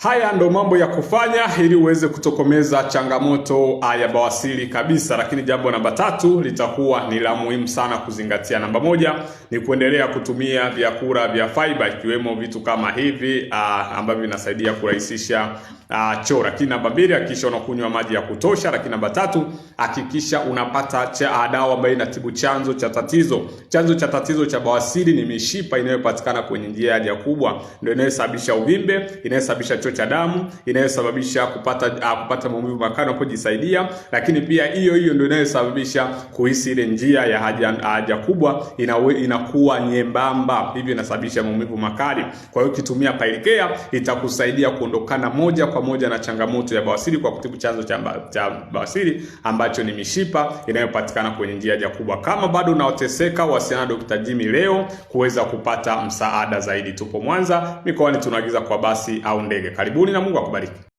Haya ndo mambo ya kufanya ili uweze kutokomeza changamoto ah, ya bawasiri kabisa. Lakini jambo namba tatu litakuwa ni la muhimu sana kuzingatia. Namba moja ni kuendelea kutumia vyakula vya fiber ikiwemo vitu kama hivi ah, ambavyo vinasaidia kurahisisha Uh, choo. Lakini namba mbili, hakikisha unakunywa maji ya kutosha. Lakini namba tatu, hakikisha unapata cha dawa ambayo inatibu chanzo cha tatizo. Chanzo cha tatizo cha bawasiri ni mishipa inayopatikana kwenye njia ya haja kubwa, ndio inayosababisha uvimbe, inayosababisha kichwa cha damu inayosababisha kupata ah, kupata maumivu makali unapojisaidia, lakini pia hiyo hiyo ndio inayosababisha kuhisi ile njia ya haja, haja kubwa inawe, inakuwa nyembamba, hivyo inasababisha maumivu makali. Kwa hiyo ukitumia Pailikea itakusaidia kuondokana moja kwa moja na changamoto ya bawasiri kwa kutibu chanzo cha, cha bawasiri ambacho ni mishipa inayopatikana kwenye njia ya haja kubwa. Kama bado unaoteseka, wasiana na Dr. Jimmy leo kuweza kupata msaada zaidi. Tupo Mwanza mikoani, tunaagiza kwa basi au ndege. Karibuni na Mungu akubariki.